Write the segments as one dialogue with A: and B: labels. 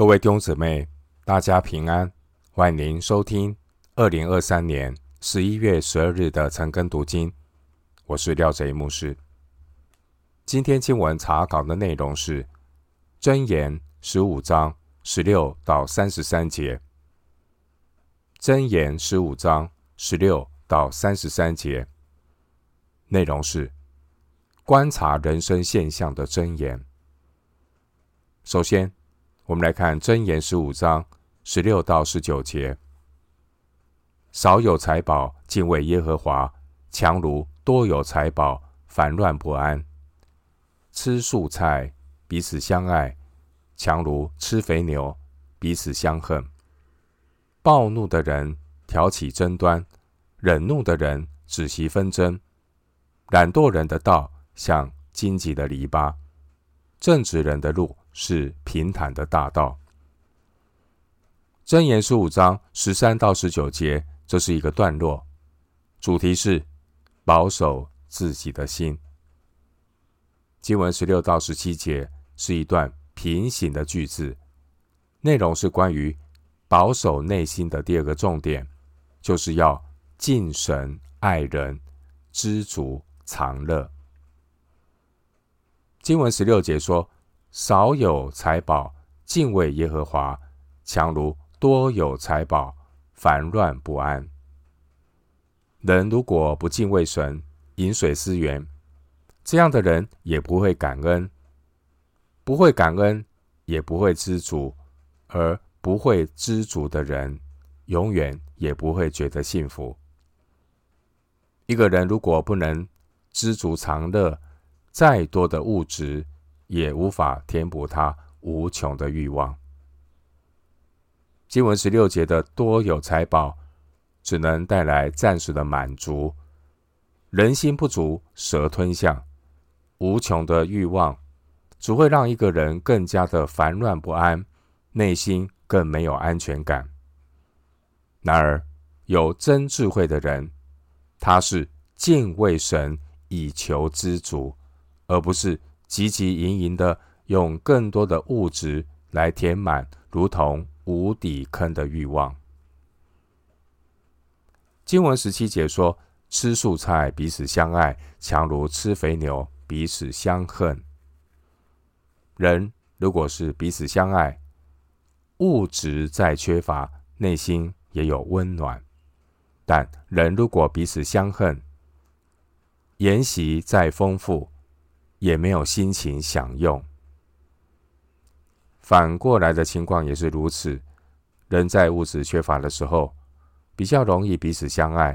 A: 各位弟兄姊妹，大家平安，歡迎您收聽二零二三年十一月十二日的晨更讀經。我是廖賊牧師。今天經文查崗的內容是《箴言》十五章十六到三十三節，箴15章16到33節《箴言》十五章十六到三十三節內容是觀察人生現象的箴言。首先。我們來看《箴言》十五章十六到十九節：少有財寶，敬畏耶和華；強如多有財寶，煩亂不安。吃素菜，彼此相愛；強如吃肥牛，彼此相恨。暴怒的人挑起爭端，忍怒的人止息紛爭。懶惰人的道像荊棘的籬笆，正直人的路。是平坦的大道。箴言十五章十三到十九節，這是一個段落，主題是保守自己的心。經文十六到十七節是一段平行的句子，內容是關於保守內心的第二個重點，就是要敬神愛人，知足常樂。經文十六節說，少有財寶，敬畏耶和華，強如多有財寶，煩亂不安。人如果不敬畏神，飲水思源，這樣的人也不會感恩，不會感恩，也不會知足，而不會知足的人，永遠也不會覺得幸福。一個人如果不能知足常樂，再多的物質。也無法填補他無窮的慾望。經文十六節的多有財寶，只能帶來暫時的滿足。人心不足蛇吞象，無窮的慾望只會讓一個人更加的煩亂不安，內心更沒有安全感。然而，有真智慧的人，他是敬畏神以求知足，而不是。汲汲營營地用更多的物質來填滿，如同無底坑的慾望。經文十七節說：吃素菜，彼此相愛，強如吃肥牛，彼此相恨。人如果是彼此相愛，物質再缺乏，內心也有溫暖；但人如果彼此相恨，筵席再豐富。也沒有心情享用。反過來的情況也是如此，人在物質缺乏的時候，比較容易彼此相愛；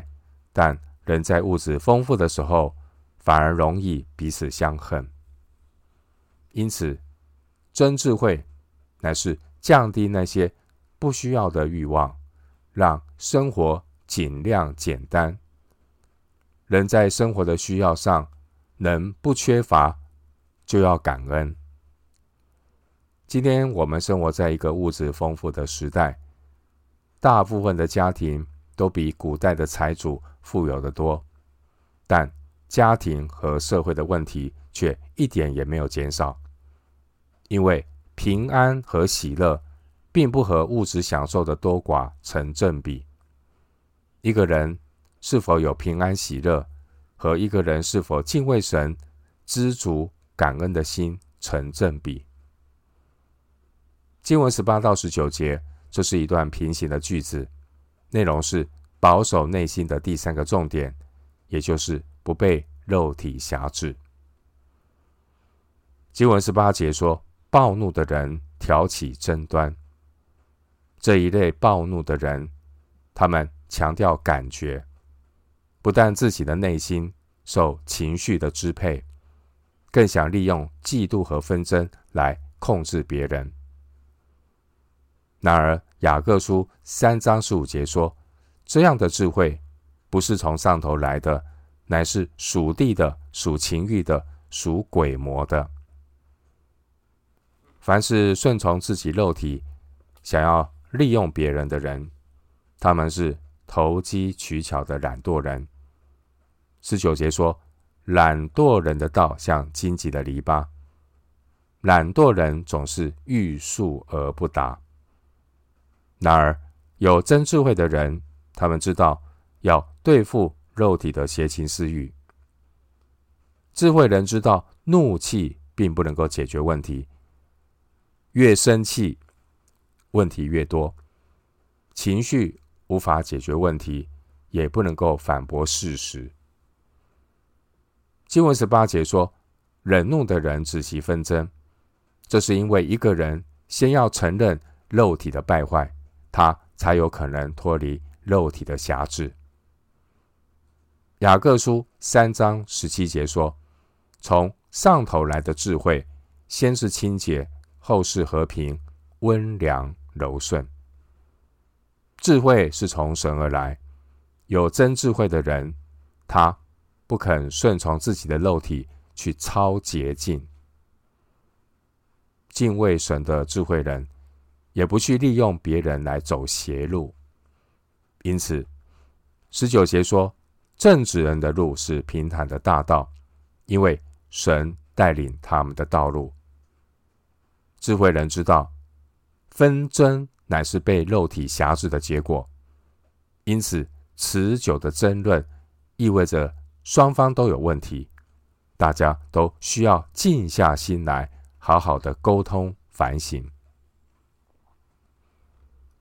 A: 但人在物質豐富的時候，反而容易彼此相恨。因此，真智慧乃是降低那些不需要的欲望，讓生活儘量簡單。人在生活的需要上，能不缺乏，就要感恩。今天我們生活在一個物質豐富的時代，大部分的家庭都比古代的財主富有的多，但家庭和社會的問題卻一點也沒有減少。因為平安和喜樂，並不和物質享受的多寡成正比。一個人是否有平安喜樂？和一個人是否敬畏神、知足感恩的心成正比。經文十八到十九節，這是一段平行的句子，內容是保守內心的第三個重點，也就是不被肉體轄制。經文十八節說：“暴怒的人挑起爭端。”這一類暴怒的人，他們強調感覺，不但自己的內心。受情緒的支配，更想利用嫉妒和紛爭來控制別人。然而，雅各書三章十五節說：“這樣的智慧不是從上頭來的，乃是屬地的、屬情慾的、屬鬼魔的。凡是順從自己肉體、想要利用別人的人，他們是投機取巧的懶惰人。”十九節說：“懶惰人的道像荊棘的籬笆，懶惰人總是欲速而不達。然而，有真智慧的人，他們知道要對付肉體的邪情私欲。智慧人知道，怒氣並不能夠解決問題，越生氣問題越多，情緒無法解決問題，也不能夠反駁事實。”經文十八節說：“忍怒的人止息紛爭。”這是因為一個人先要承認肉體的敗壞，他才有可能脫離肉體的轄制。雅各書三章十七節說：“從上頭來的智慧，先是清潔，後是和平，溫良柔順。”智慧是從神而來，有真智慧的人，他。不肯順從自己的肉體去抄捷徑，敬畏神的智慧人，也不去利用別人來走邪路。因此，十九節說：正直人的路是平坦的大道，因為神帶領他們的道路。智慧人知道，紛爭乃是被肉體轄制的結果，因此持久的爭論意味着。雙方都有問題，大家都需要靜下心來，好好的溝通、反省。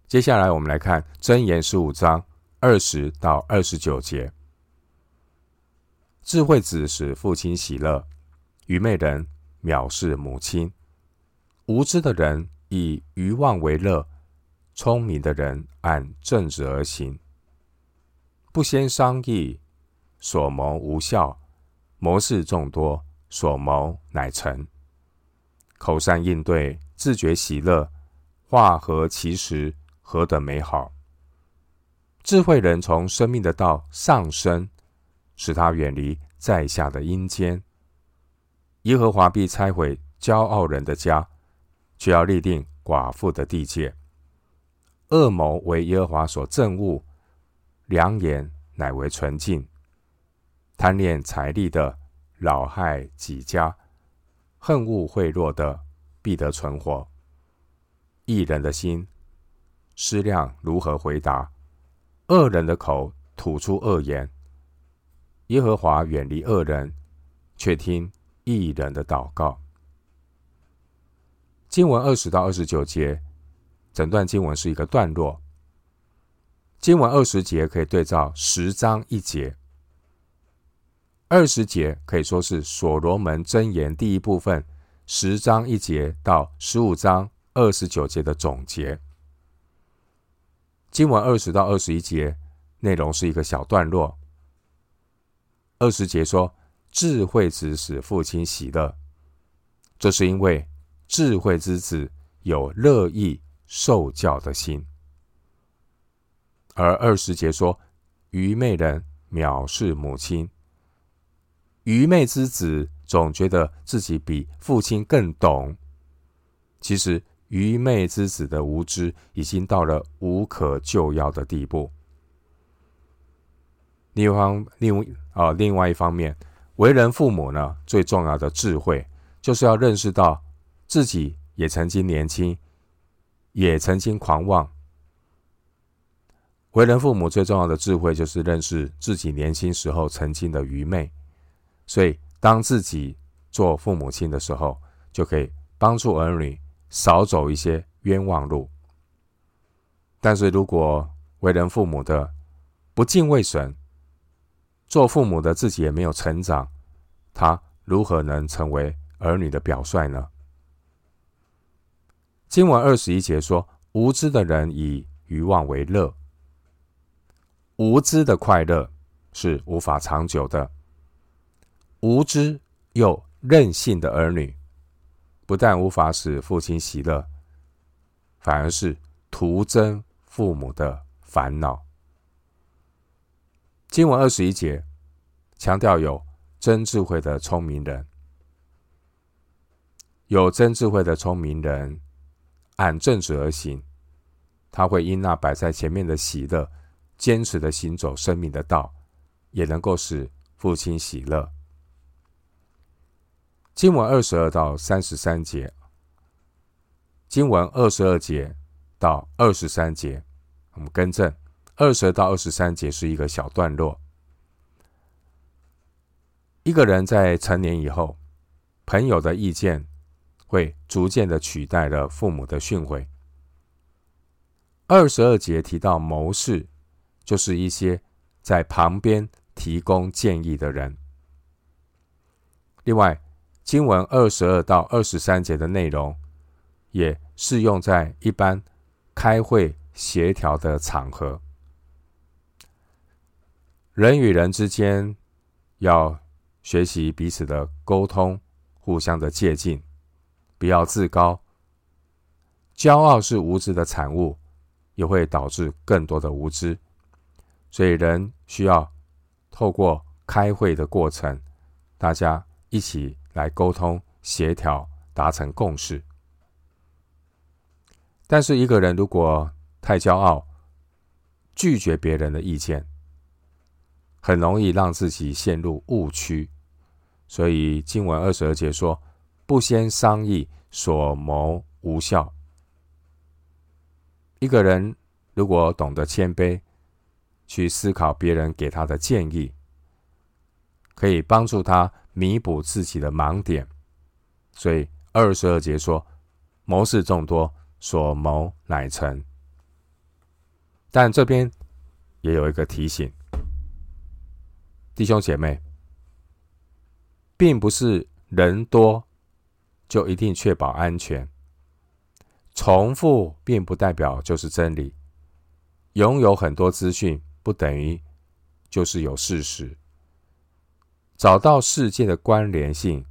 A: 接下來，我們來看《箴言》十五章二十到二十九節：智慧子使父親喜樂，愚昧人藐視母親；無知的人以愚妄為樂，聰明的人按正直而行，不先商議，所謀無效，謀士眾多，所謀乃成。口善應對，自覺喜樂，話合其時，何等美好！智慧人從生命的道上升，使他遠離在下的陰間。耶和華必拆毀驕傲人的家，卻要立定寡婦的地界。惡謀為耶和華所憎惡，良言乃為純淨。貪戀財利的擾害己家，恨惡賄賂的必得存活。義人的心思量如何回答，惡人的口吐出惡言。耶和華遠離惡人，卻聽義人的禱告。經文二十到二十九節，整段經文是一個段落。經文二十節可以對照十章一節。二十節可以說是《所羅門箴言》第一部分十章一節到十五章二十九節的總結。經文二十到二十一節內容是一個小段落。二十節說：“智慧子使父親喜樂”，這是因為智慧之子有樂意受教的心。而二十節說：“愚昧人藐視母親。”愚昧之子總覺得自己比父親更懂，其實愚昧之子的無知已經到了無可救藥的地步。另一方，另啊，另外一方面，為人父母呢，最重要的智慧就是要認識到自己也曾經年輕，也曾經狂妄。為人父母最重要的智慧就是認識自己年輕時候曾經的愚昧。所以，當自己做父母親的時候，就可以幫助兒女少走一些冤枉路。但是如果為人父母的不敬畏神，做父母的自己也沒有成長，他如何能成為兒女的表率呢？經文二十一節說：“無知的人以愚妄為樂，無知的快樂是無法長久的。”無知又任性的兒女，不但無法使父親喜樂，反而是徒增父母的煩惱。經文二十一節強調，有真智慧的聰明人，有真智慧的聰明人按正直而行，他會因那擺在前面的喜樂，堅持的行走生命的道，也能夠使父親喜樂。經文二十二到三十三節，經文二十二節到二十三節，我們更正，二十到二十三節是一個小段落。一個人在成年以後，朋友的意見會逐漸的取代了父母的訓誨。二十二節提到謀士，就是一些在旁邊提供建議的人。另外，經文二十二到二十三節的內容，也適用在一般開會協調的場合。人與人之間要學習彼此的溝通，互相的借鏡，不要自高。驕傲是無知的產物，也會導致更多的無知。所以，人需要透過開會的過程，大家一起。來溝通、協調、達成共識。但是一個人如果太驕傲，拒絕別人的意見，很容易讓自己陷入誤區。所以經文二十二節說：“不先商議，所謀無效。”一個人如果懂得謙卑，去思考別人給他的建議，可以幫助他。彌補自己的盲點，所以二十二節說：“謀士眾多，所謀乃成。”但這邊也有一個提醒，弟兄姐妹，並不是人多就一定確保安全。重複並不代表就是真理，擁有很多資訊不等於就是有事實。找到事件的關聯性，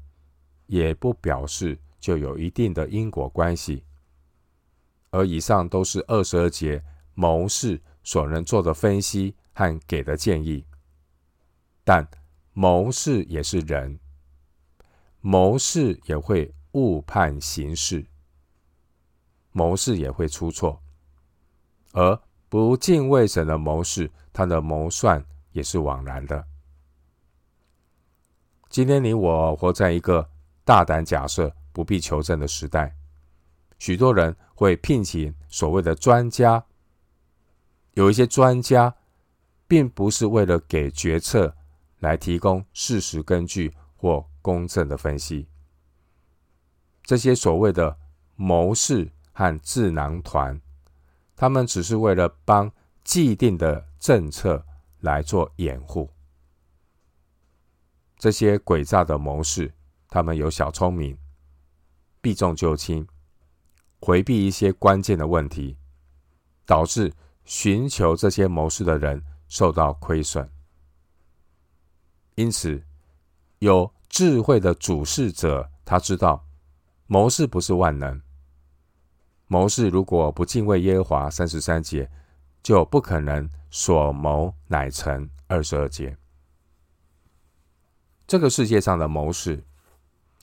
A: 也不表示就有一定的因果關係。而以上都是二十二節謀士所能做的分析和給的建議。但謀士也是人，謀士也會誤判形勢，謀士也會出錯，而不敬畏神的謀士，他的謀算也是枉然的。今天，你我活在一個大膽假設、不必求證的時代。許多人會聘請所謂的專家，有一些專家，並不是為了給決策來提供事實根據或公正的分析。這些所謂的謀士和智囊團，他們只是為了幫既定的政策來做掩護。這些詭詐的謀士，他們有小聰明，避重就輕，回避一些關鍵的問題，導致尋求這些謀士的人受到虧損。因此，有智慧的主事者，他知道謀士不是萬能。謀士如果不敬畏耶和華，三十三節就不可能所謀乃成，二十二節。這個世界上的謀士，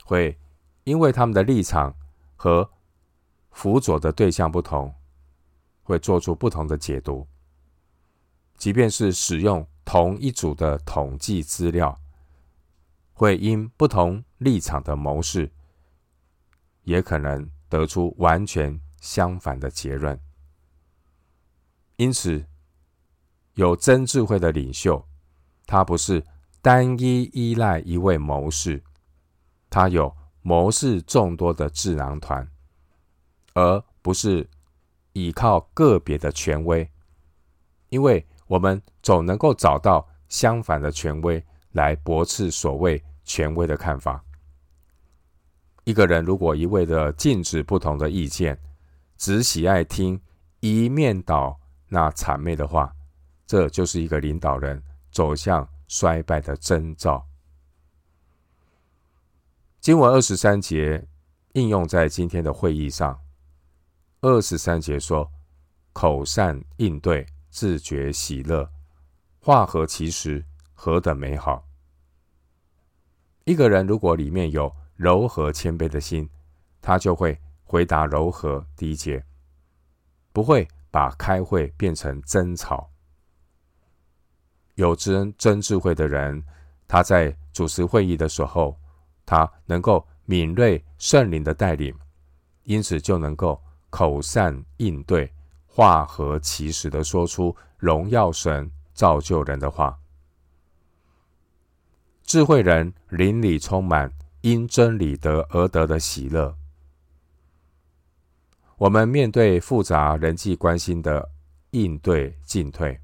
A: 會因為他們的立場和輔佐的對象不同，會做出不同的解讀。即便是使用同一組的統計資料，會因不同立場的謀士，也可能得出完全相反的結論。因此，有真智慧的領袖，他不是。單一依賴一位謀士，他有謀士眾多的智囊團，而不是依靠個別的權威，因為我們總能夠找到相反的權威來駁斥所謂權威的看法。一個人如果一味的禁止不同的意見，只喜愛聽一面倒那諂媚的話，這就是一個領導人走向。衰敗的徵兆。經文二十三節應用在今天的會議上。二十三節說：“口善應對，自覺喜樂，話合其時，何等美好！”一個人如果裡面有柔和謙卑的心，他就會回答柔和第一節，不會把開會變成爭吵。有真真智慧的人，他在主持會議的時候，他能夠敏銳聖靈的帶領，因此就能夠口善應對，話合其時的說出榮耀神造就人的話。智慧人心裡充滿因真理得而得的喜樂。我們面對複雜人際關係的應對進退。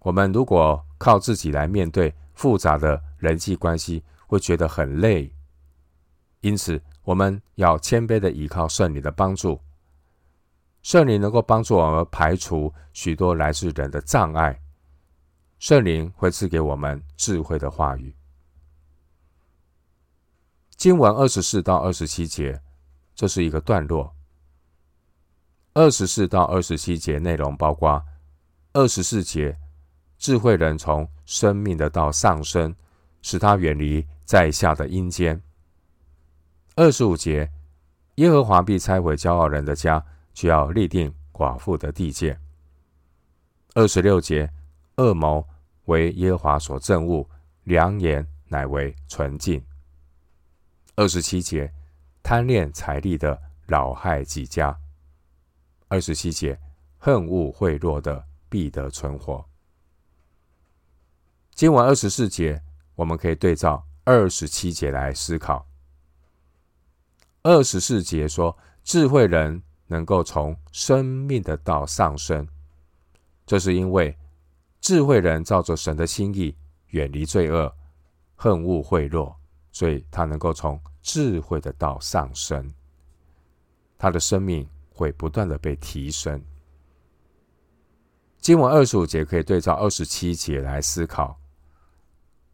A: 我們如果靠自己來面對複雜的人際關係，會覺得很累。因此，我們要謙卑地依靠聖靈的幫助。聖靈能夠幫助我們排除許多來自人的障礙。聖靈會賜給我們智慧的話語。經文二十四到二十七節，這是一個段落。二十四到二十七節內容包括二十四節。智慧人從生命的道上升，使他遠離在下的陰間。二十五節，耶和華必拆毀驕傲人的家，就要立定寡婦的地界。二十六節，惡謀為耶和華所憎惡，良言乃為純淨。二十七節，貪戀財利的，擾害己家。二十七節，恨惡賄賂的必得存活。經文二十四節，我們可以對照二十七節來思考。二十四節說，智慧人能夠從生命的道上升，這是因為智慧人照着神的心意，遠離罪惡，恨惡賄賂，所以他能夠從智慧的道上升，他的生命會不斷的被提升。經文二十五節可以對照二十七節來思考。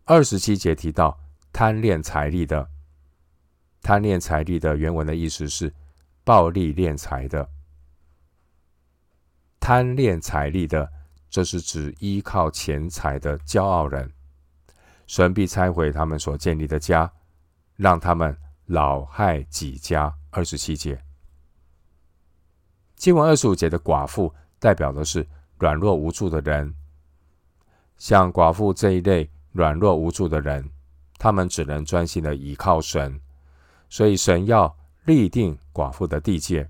A: 二十七節提到貪戀財利的，貪戀財利的原文的意思是暴利斂財的。貪戀財利的，這是指依靠錢財的驕傲人，神必拆毀他們所建立的家，讓他們老害己家。二十七節，經文二十五節的寡婦代表的是軟弱無助的人，像寡婦這一類。軟弱無助的人，他們只能專心的倚靠神，所以神要立定寡婦的地界，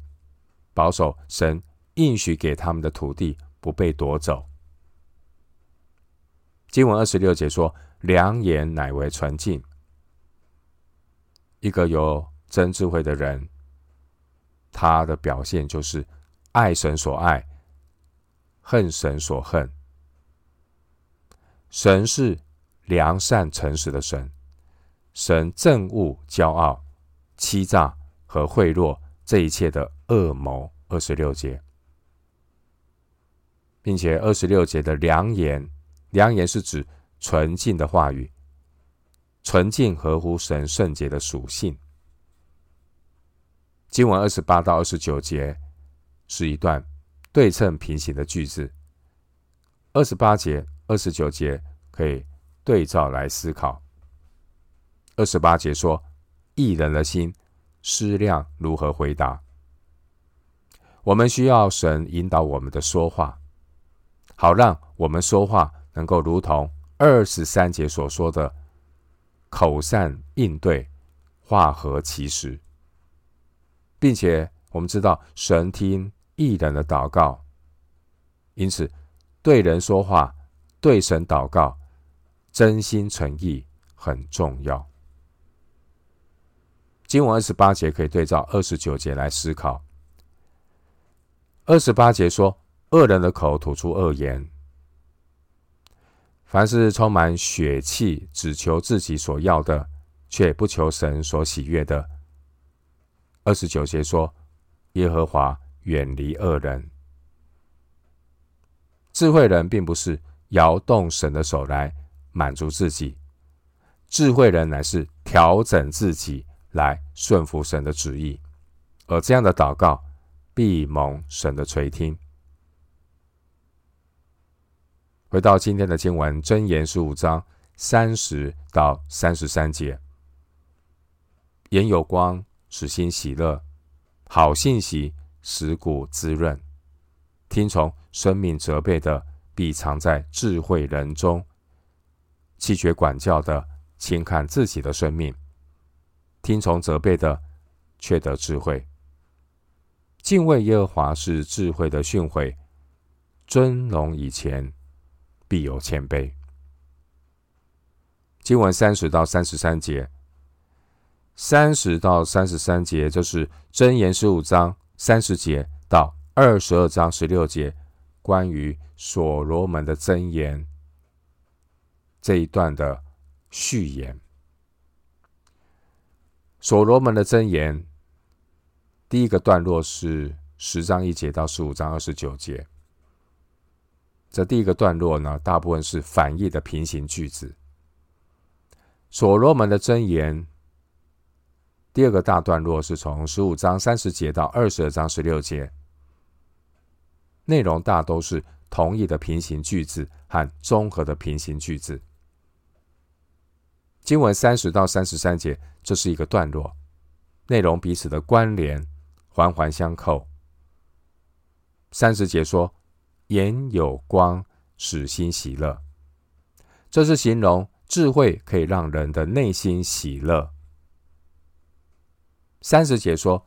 A: 保守神應許給他們的土地不被奪走。經文二十六節說：“良言乃為純淨。”一個有真智慧的人，他的表現就是愛神所愛，恨神所恨。神是。良善誠實的神，神憎惡驕傲、欺詐和賄賂這一切的惡謀。二十六節，並且二十六節的良言，良言是指純淨的話語，純淨合乎神聖潔的屬性。經文二十八到二十九節是一段對稱平行的句子。二十八節、二十九節可以。對照來思考。二十八節說：“義人的心，思量如何回答。”我們需要神引導我們的說話，好讓我們說話能夠如同二十三節所說的“口善應對，話合其時”。並且我們知道神聽義人的禱告，因此對人說話，對神禱告。真心誠意很重要。經文二十八節可以對照二十九節來思考。二十八節說：“惡人的口吐出惡言，凡是充滿血氣，只求自己所要的，卻不求神所喜悅的。”二十九節說：“耶和華遠離惡人，智慧人並不是搖動神的手來。”滿足自己，智慧人乃是調整自己來順服神的旨意，而這樣的禱告必蒙神的垂聽。回到今天的經文，《箴言》十五章三十到三十三節：眼有光，使心喜樂；好信息使骨滋潤。聽從生命責備的，必藏在智慧人中。棄絕管教的，輕看自己的生命；聽從責備的，卻得智慧。敬畏耶和華是智慧的訓誨，尊榮以前必有謙卑。經文三十到三十三節，三十到三十三節就是《箴言》十五章三十節到二十二章十六節，關於所羅門的箴言。這一段的序言，《所羅門的箴言》第一個段落是十章一節到十五章二十九節。這第一個段落呢，大部分是反義的平行句子。《所羅門的箴言》第二個大段落是從十五章三十節到二十二章十六節，內容大都是同義的平行句子和綜合的平行句子。經文三十到三十三節，這是一個段落，內容彼此的關聯，環環相扣。三十節說：“眼有光，使心喜樂。”這是形容智慧可以讓人的內心喜樂。三十節說：“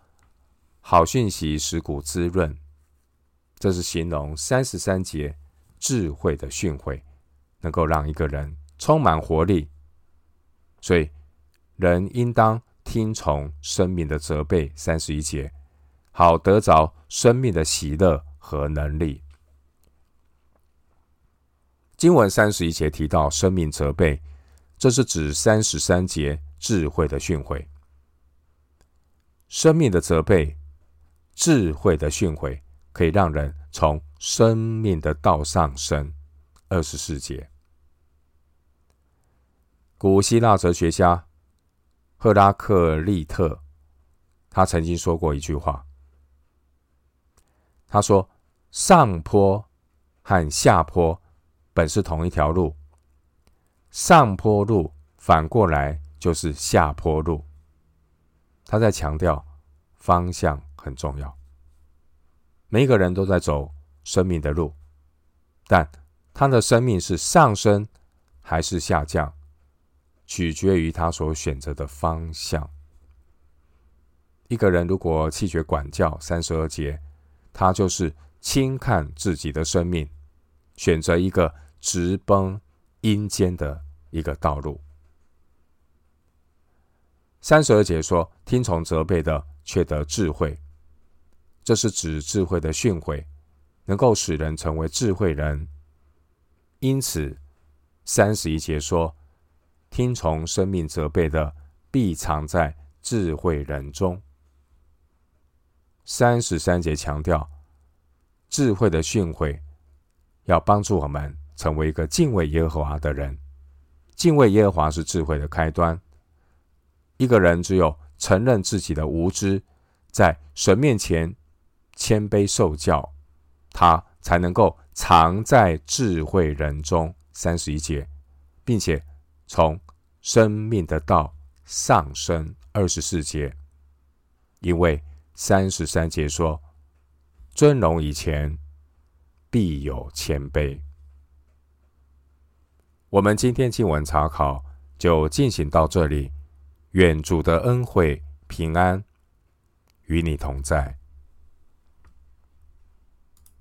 A: 好信息使骨滋潤。”這是形容三十三節智慧的訓誨，能夠讓一個人充滿活力。所以，人應當聽從生命的責備，三十一節，好得着生命的喜樂和能力。經文三十一節提到生命責備，這是指三十三節智慧的訓誨。生命的責備，智慧的訓誨，可以讓人從生命的道上升，二十四節。古希臘哲學家赫拉克利特，他曾經說過一句話。他說：“上坡和下坡本是同一條路，上坡路反過來就是下坡路。”他在強調方向很重要。每一個人都在走生命的路，但他的生命是上升還是下降？取決於他所選擇的方向。一個人如果棄絕管教，三十二節，他就是輕看自己的生命，選擇一個直奔陰間的一個道路。三十二節說：“聽從責備的，卻得智慧。”這是指智慧的訓誨，能夠使人成為智慧人。因此，三十一節說。聽從生命責備的，必藏在智慧人中。三十三節強調，智慧的訓誨要幫助我們成為一個敬畏耶和華的人。敬畏耶和華是智慧的開端。一個人只有承認自己的無知，在神面前謙卑受教，他才能夠藏在智慧人中。三十一節，並且。從生命的道上升二十四節，因為三十三節說：“尊榮以前，必有謙卑。”我們今天經文查考，就進行到這裡。願主的恩惠平安與你同在。